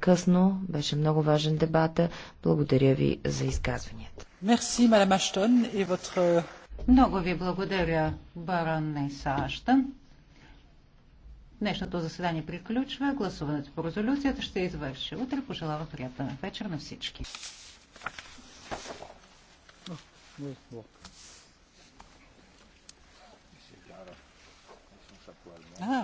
късно. Беше много важен дебата. Благодаря ви за изказванията. Merci, мадам Аштон, и votre... Много ви благодаря, баронеса Аштън. Днешното заседание приключва. Гласуването по резолюцията ще извърши. Утре пожелава приятен вечер на всички. Ah.